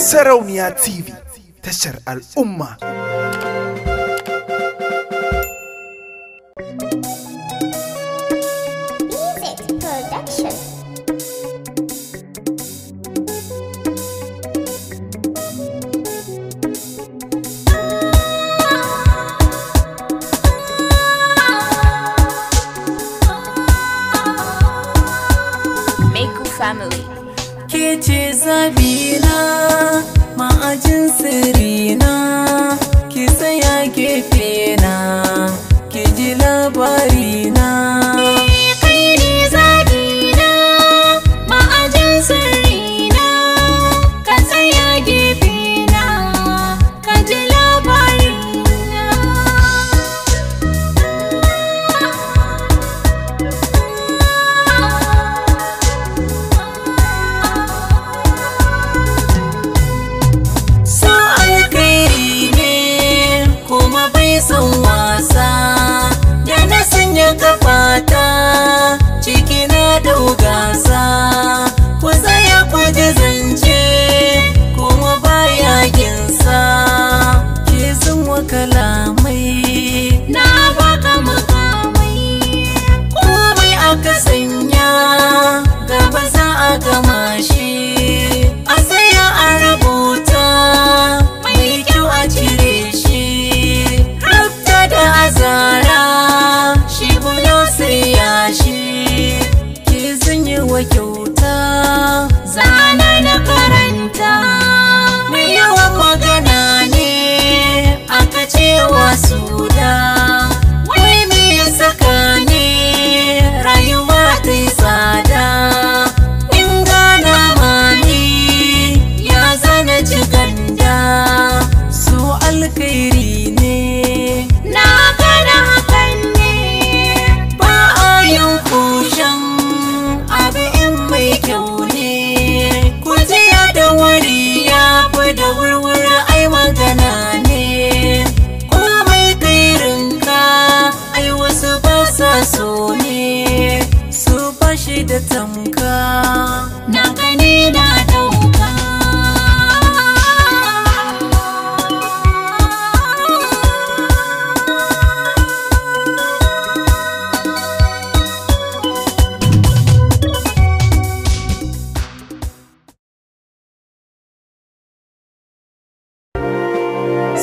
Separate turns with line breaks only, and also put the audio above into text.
Sarauniya TV tashar al'umma. Music Production ce zabina ma'ajin sirina ki tsaya gefe na ki ji labarina shi ki zanyi wa kyau We're down, we're